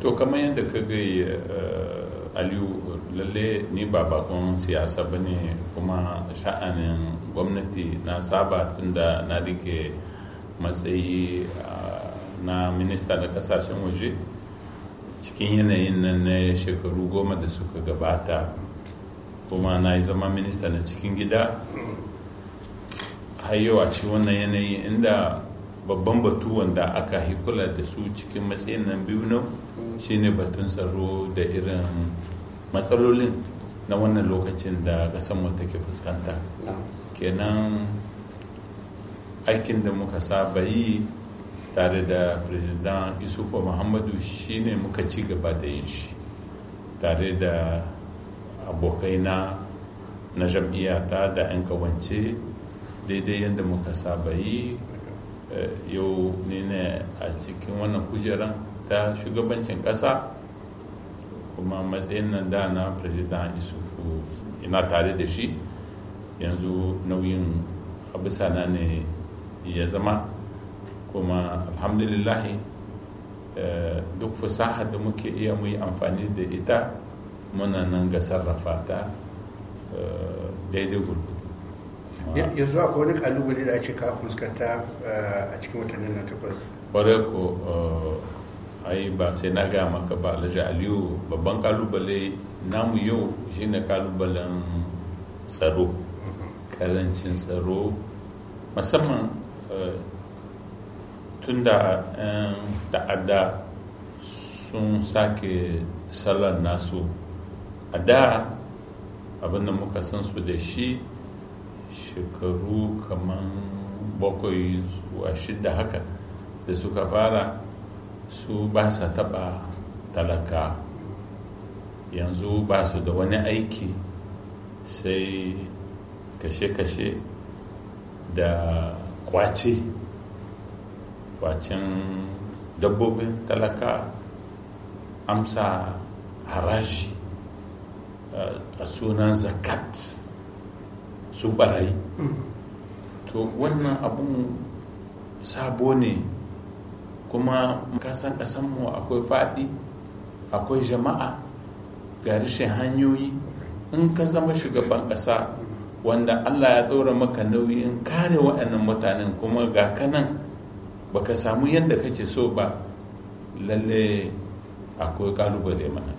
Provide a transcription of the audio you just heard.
to kamar yadda ka ga eh, aliyu lalle ni ba bakon siyasa ba ne kuma sha'anin gwamnati na saba da na rike matsayi eh, na minista na kasashen waje cikin yanayin nan na shekaru goma da suka gabata kuma na yi zama minista na cikin gida har yau a ci wannan yanayi inda babban batu wanda aka yi kula da su cikin matsayin nan biyu nan shine batun tsaro da irin matsalolin na wannan lokacin da mu take fuskanta kenan aikin da muka saba yi tare da president Isufa muhammadu shine muka ci gaba da yin shi tare da abokai na na jam'iyyata da 'yan kawance daidai yadda muka saba yi Eh, yau ni ne a cikin wannan kujeran ta shugabancin ƙasa kuma matsayin nan da na president isufu ina tare da shi yanzu nauyin abisana ne ya zama kuma alhamdulillahi eh, duk fasaha da muke iya muyi amfani da ita muna nan ga sarrafa ta eh, daidai gurgudu yanzu a wani kalubale da ake ka fuskanta eh, a cikin watannin na takwas bare ko eh, ai ba sai na ga maka ba alhaji aliyu babban kalubale namu yau shine kalubalen tsaro mm-hmm. karancin tsaro musamman eh, tun da ta'adda sun sake salon nasu a da abinda muka san su da shi shekaru kaman bakwai zuwa shida haka da suka fara su ba sa taɓa talaka yanzu ba su da wani aiki sai kashe-kashe da kwace kwacen dabbobin talaka amsa harashi eh, a sunan zakat su barayi mm. to wannan abun sabo ne kuma kasan kasanmu akwai faɗi akwai jama'a ga rashin hanyoyi in ka zama shugaban ƙasa wanda allah ya ɗora maka nauyin kare waɗannan mutanen kuma ga kanan baka samu yadda kake so ba lalle akwai kalubale mana